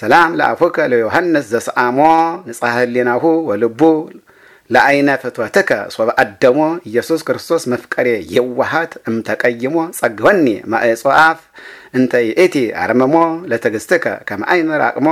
ሰላም ለአፉከ ለዮሐንስ ዘስአሞ ንጽሐ ህሊናሁ ወልቡ ለአይነ ፍትወትከ ሶበ አደሞ ኢየሱስ ክርስቶስ መፍቀሬ የዋሃት እምተቀይሞ ጸግወኒ ማእጾ አፍ እንተ ይእቲ አርመሞ ለትዕግሥትከ ከመ አቅሞ